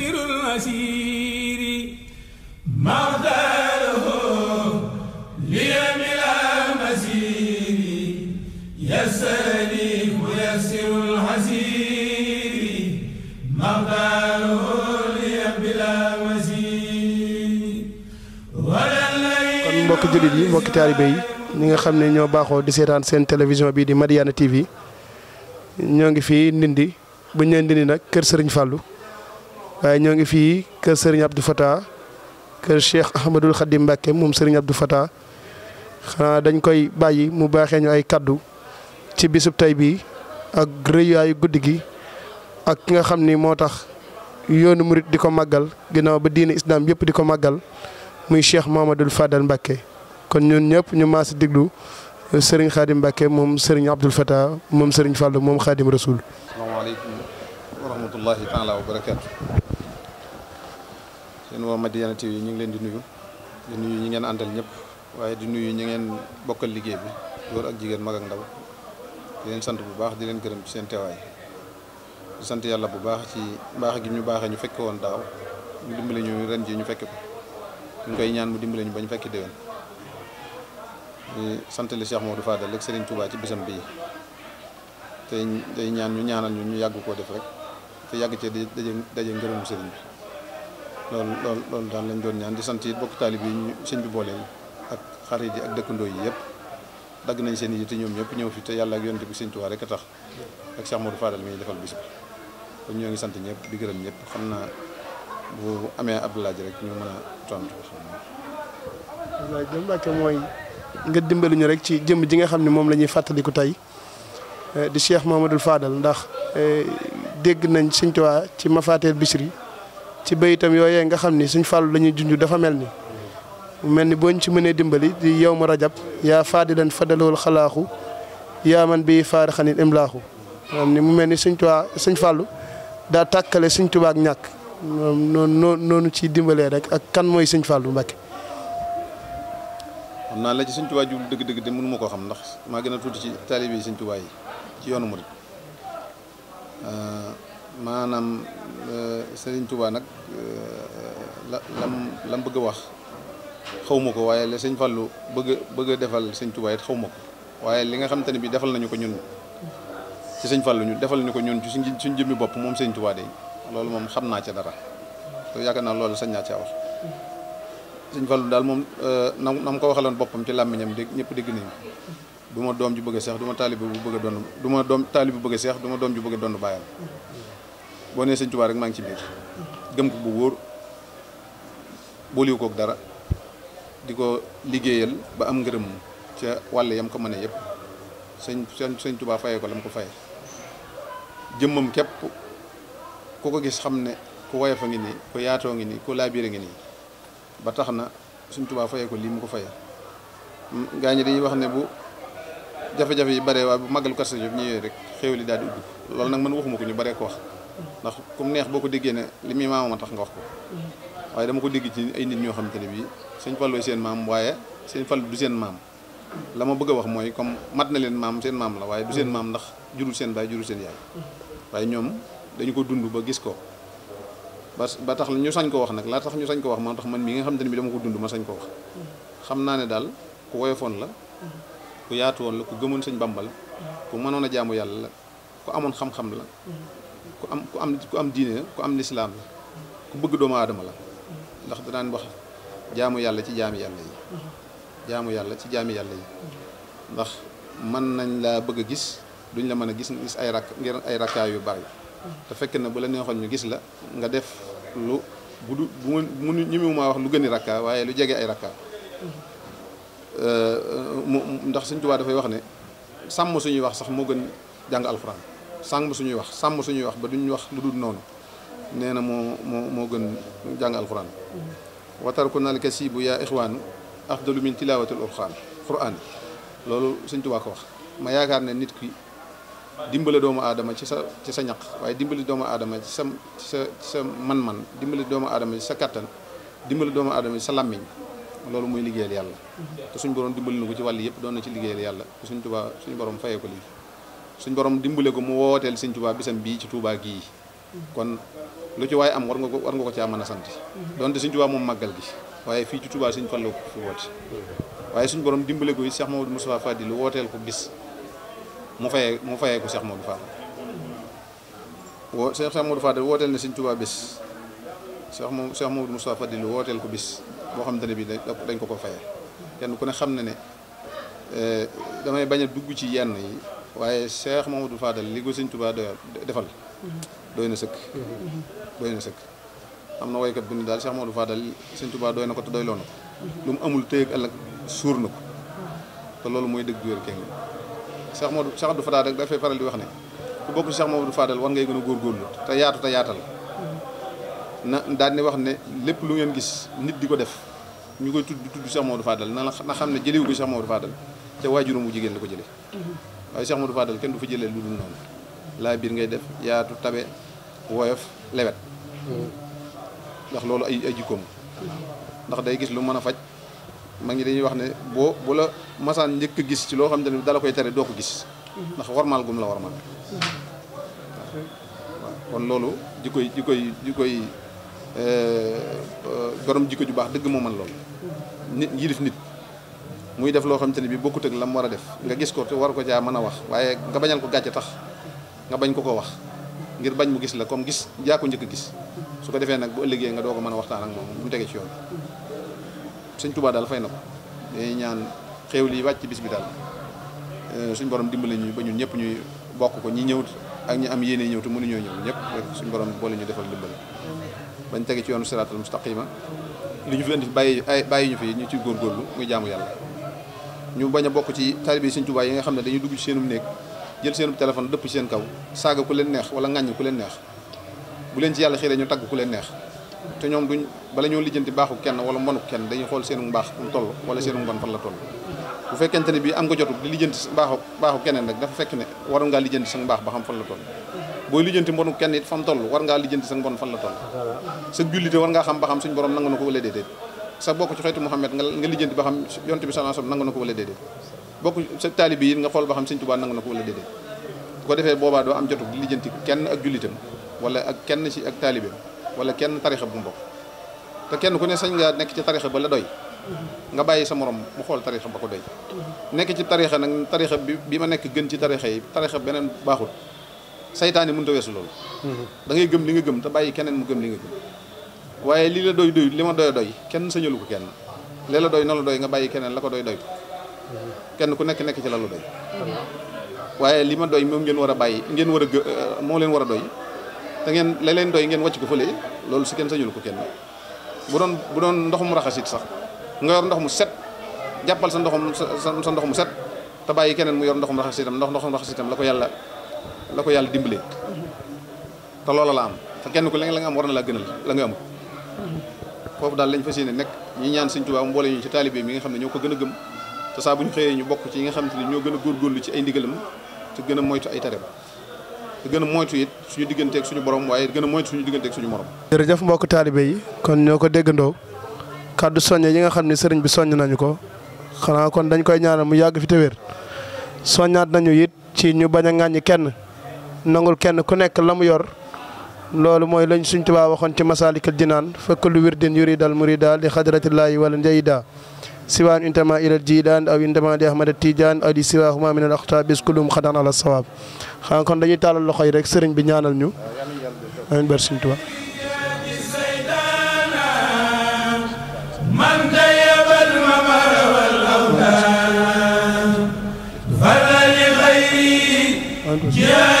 يسر المسير مغدره ليملا مسيري يسري ويسر الحسير مغدره ليملا مسيري mbokk jullit yi mbokk yi ñi nga di télévision di TV ñoo ngi fii Ndindi bu ñu leen Ndindi kër Serigne Fallou waye ñoo ngi fi keur Serigne Abdou Fatah keur Cheikh ahmadou Khadim mbake mom Serigne Abdou Fatah xana dañ koy bayyi mu baxé ñu ay cadeau ci bisub tay bi ak reuyay guddigi ak ki nga xamni motax yoonu mourid diko magal ginaaw ba diine islam yépp diko magal muy Cheikh mamadou Fadal mbake kon ñun ñëpp ñu maas diglu Serigne Khadim mbake mom Serigne Abdou Fatah mom Serigne fallu mom Khadim Rasoul. assalamu alaykum wa rahmatullahi taala wa barakatuh yéen waa madiana TV ñu ngi leen di nuyu di nuyu ñi ngeen andal ñep waye di nuyu ñi ngeen bokkal liggey bi door ak jigéen mag ak ndaw di leen sant bu baax di leen gërëm ci seen teway di sant yalla bu baax ci baax gi ñu baaxee ñu fekke woon daaw ñu dimbali ñu ren ji ñu fekke ko ñu koy ñaan mu dimbali ñu ba ñu de déwén di sant le Cheikh Modou Fadal ak Serigne Touba ci bisam bi tay tey ñaan ñu ñaanal ñu ñu yàgg ko def rek te yàgg ci daje daje ngërëmu Serigne bi lool lool loolu daal lañ doon ñaan di sant it bokk taalib yi ñu sëñ bi booleel ak xarit yi ak dëkkandoo yi yëpp dagg nañ seen yi te ñoom ñëpp ñëw fi te yàlla ak yonent bi sëñ Tuubaa rek tax ak Cheikh Modou Fadal mi defal bis bi ñoo ngi sant ñëpp di gërëm ñëpp xam naa bu amee ab laaj rek ñu mooy nga dimbali ñu rek ci jëm ji nga xam ne moom la ñuy fàttaliku tey eh, di Cheikh Mamadou Fadal ndax eh, dégg nañ sëñ Tuubaa ci Mafaateel Bichri ci bayitam yooyee nga xam ni suñ fàllu la ñuy junj dafa mel ni mel ni boo ñu ci mënee dimbali di yow ma rajab yaa faadilan fadalawul xalaaxu yaa man bi faari xanit imlaaxu am ni mu mel ni suñ tubaa suñ fàllu daa tàkkale suñ tubaa ak ñàkk noonu noonu ciy dimbalee rek ak kan mooy suñ fàllu Mbàkke xam naa la ci suñ tubaa jublu dëgg-dëgg de mënu ma koo xam ndax maa gën a tuuti ci taalibe suñ tubaa yi ci yoonu murid maanaam euh, Serigne Touba nag la euh, euh, lam lam bëgg a wax xawma ko waaye la sëñ Fallou bëgg bëgg a defal sëñ Touba it xawma ko waaye li nga xam te ne bi defal nañu ko ñun ci sëñ Fallou ñu defal ñu ko ñun ci suñ suñ jëmmi bopp moom sëñ Touba de loolu moom xam naa ca dara te yaakaar naa loolu sañ naa caa wax sëñ Fallou daal moom na na mu ko waxaloon boppam ci làmmiñam dégg ñëpp dégg nañu du ma doom ju bëgg a seex du ma bu bëgg a doon du ma doom taalib bu bëgg seex du ma doom ju bëgg a doon bàyyam boo nee sëñ Tuubaa rek maa ngi ci biir gëm ko bu wóor booliwu kook dara di ko liggéeyal ba am ngërëm ca wàll yam ko mën a yëpp sëñ sëñ Tuubaa fayee ko la mu ko fayee ko gis xam ne ku woyof a ngi nii yaatoo ngi nii ku ngi nii ba na sëñ Tuubaa fayee mu ko fayee gaa ñi dañuy wax ne bu jafe-jafe yi bare waaye bu màggal Kazu Rajab ñëwee rek xéwal yi daal di ubbi loolu nag man waxuma ko ñu bare ko wax ndax kum neex boo ko déggee ne li muy maamam a tax nga wax ko waaye dama ko dégg ci ay nit ñoo xamante ne bii sëñ Fallou seen maam waaye sëñ Fallou du seen maam la ma bëgg a wax mooy comme mat na leen maam seen maam la waaye du seen maam ndax jurul seen baay jurul seen yaay waaye ñoom dañu ko dund ba gis ko ba ba tax ñu sañ ko wax nag laa tax ñu sañ ko wax moo tax man mii nga xamante ne bi dama ko dund ma sañ ko wax xam naa ne daal ku woyofoon la ku yaatu woon la ku gëmoon sëñ Bàmba la mënoon a jaamu yàlla la ku amoon xam-xam la ku am ku am ku am diine la ku am lislaam la ku bëgg doomu aadama la ndax danaan wax jaamu yàlla ci jaami yàlla yi jaamu yàlla ci jaami yàlla yi ndax mën nañ bëgg gis duñ la mën a gis gis ay rakk ngir ay rakkaay yu bari te fekk na bu la neexoon ñu gis la nga def lu bu du bu mu ñimiwu maa wax lu gën i rakkaa waaye lu jege ay rakkaa euh, euh, mu ndax Sëñ Tuubaa dafay wax ne sàmm suñuy wax sax moo gën jàng sang suñuy wax sam suñuy wax ba duñ wax jangal non neena mo mo mo gën jang alquran wa alkasib ya ikhwan afdalu min tilawati alquran quran lolu Sëñ Tuubaa ko wax ma yaakar ne nit ki dimbele doomu adama ci sa ci sa ñak waye dimbele doomu adama ci sa ci sa man-man dimbele doomu adama ci sa katan dimbele doomu adama ci sa lamiñ lolu muy liggeel yalla te suñ borom dimbali nugo ci ci liggeel yalla borom suñ borom dimbale ko mu wooteel sëñ Tuubaa bisam bii ci Tuubaa yi kon lu ci waaye am war nga ko war nga ko caa mën a sant donte sëñ Tuubaa moom màggal gi waaye fii ci Tuubaa sëñ Fallu ko fi woote waaye suñ borom dimbale ko yi Cheikh Mamadou Moustapha Fadil wooteel ko bis mu fayee mu fayee ko seex Mamadou Fadil woo Cheikh Mamadou Fadil wooteel na sëñ Tuubaa bis Cheikh moom Cheikh Mamadou wooteel ko bis boo xam te ne bi dañ ko ko fayee kenn ku ne xam na ne eh, damay bañ a dugg ci yenn yi waaye Cheikh Mamadou Fadal li ko sëñ Touba doyal defal doy na sëkk doy na sëkk am na woykat bu ni daal Cheikh Mamadou Fadal sëñ Touba doy na ko te lu mu amul tey ak ëllëg suur na ko te loolu mooy dëgg wér kenn Cheikh Mamadou Cheikh Abdou Fadal rek di wax ne ku bokk Cheikh Mamadou Fadal war ngay gën a góorgóorlu te yaatu te yaatal na daan di wax ne lépp lu ngeen gis nit di ko def ñu koy tudd tudd Cheikh du Fadal na na xam ne jëliwu ko Cheikh Mamadou Fadal te waajuram bu jigéen la ko jëlee waaye Cheikh Modou Fadal kenn du fa jëlee lu dul noonu laa biir ngay def yaatu tabe woyof lewet ndax loolu ay ay jikkoom ndax day gis lu mën a faj mag ngi dañuy wax ne boo bu la masaan njëkk a gis ci loo xam ne dala koy tere doo ko gis ndax warmaal gum la warmaal waaw kon loolu di koy di koy ji koy eh, borom jikko ju baax dëgg moo mën loolu nit yilif nit muy def lo xamanteni bi bokut ak lam wara def nga gis ko war ko ja mën wax waye nga bañal ko gàcce tax nga bañ ko ko wax ngir bañ mu gis la comme gis ja ko njëkk gis su ko defé nak bu ëllëgé nga doo ko waxtaan ak mom bu tege ci yoon señ touba dal fay na day ñaan xéew li bis bi euh suñ borom dimbali ñuy ba ñun ñëpp ñuy bokk ko ñi ñëw ak ñi am yéene ñëw mënu mënuñoo ñëw ñëpp suñ borom bo ñu defal dimbali bañ tege ci yoonu siraatal mustaqima liñu fi andi baye baye ñu fi ñu ci gorlu muy jaamu yalla ñu bañ a bokk ci taalibe Sëñ Tuubaa yi nga xam ne dañuy dugg ci seenum néeg jël seenum téléphone dëpp ci seen kaw saaga ku leen neex wala ŋàññ ku leen neex bu leen ci yàlla xiiree ñu tagg ku leen neex te ñoom duñ bala ñoo lijjanti baaxu kenn wala mbonu kenn dañuy xool seenu mbaax mu toll wala seenu mbon fan la toll bu fekkente ne bii am nga jotu di lijjanti baaxu baaxu keneen rek dafa fekk ne waroon ngaa lijjanti sa mbaax ba xam fan la toll booy lijjanti mbonu kenn it fa war ngaa lijjanti sa mbon fan la toll sa jullite war ngaa xam ba xam suñ borom nangu na ko wala déedéet sa bokk ci xeetu Muhammad nga nga lijjanti ba xam yonte bi sallallahu alayhi wasallam nangu na ko wala déedéet bokk sa taalibi nga xool ba xam Sëñ Tuubaa nangu na ko wala déedéet bu ko defee boobaa doo am jotu di lijjanti kenn ak jullitam wala ak kenn ci ak taalibeem wala kenn tarixa bu mu bokk kenn ku ne sañ nga nekk ci tarixa ba la doy nga bàyyi sa morom mu xool tarixa ba ko doy nekk ci tarixa nag tarixa bi bi ma nekk gën ci tarixa yi tarixa beneen baaxul saytaane mënut a weesu loolu mhm. da ngay gëm li nga gëm te bàyyi keneen mu gëm li nga gëm waaye li la doy doy li ma doy doy kenn sëñalu ko kenn li la doy na la doy nga bàyyi keneen la ko doy doy kenn ku nekk nekk ci la la doy waaye li ma doy moom ngeen war a bàyyi ngeen war a gë euh, moo leen war a doy te ngeen la leen doy ngeen wàcc ko fële loolu si kenn sañul ko kenn bu doon bu doon ndox mu raxasit sax nga yor ndox mu set jàppal sa ndoxum sa ndox mu set te bàyyi keneen mu yor ndoxum raxasitam ndox ndoxum raxasitam la ko yàlla la ko yàlla dimbalee te la am te kenn ku la am war na laa gënal la nga am foofu daal lañ fas yéene ñi ñaan Sëñ Tuubaa mboole ñu ci taalibe mi nga xam ne ñoo ko gën gëm te saa bu ñu ñu bokk ci nga xam ñoo gën a góorgóorlu ci ay ndigalam te gën moytu ay tarem te gën moytu it suñu digganteeg suñu borom waaye gën moytu suñu digganteeg suñu morom jërëjëf mbokk taalibe yi kon ñoo ko déggandoo kàddu yi nga bi nañu ko kon dañ koy ñaanal mu fi nañu ci ñu kenn nangul kenn ku nekk yor loolu mooy lañ suñ tubaa waxoon ci masaalikal jinaan fa kullu wirdin yuridal murida li xadratillaahi wala njayda siwaan intama ilal jiidaan aw intama li ahmada tiijaan aw li siwaahuma min al axtaa bis kullum ala sawaab xam kon dañuy tàllal loxo rek sëriñ bi ñaanal ñu amiin bar suñ tubaa Yeah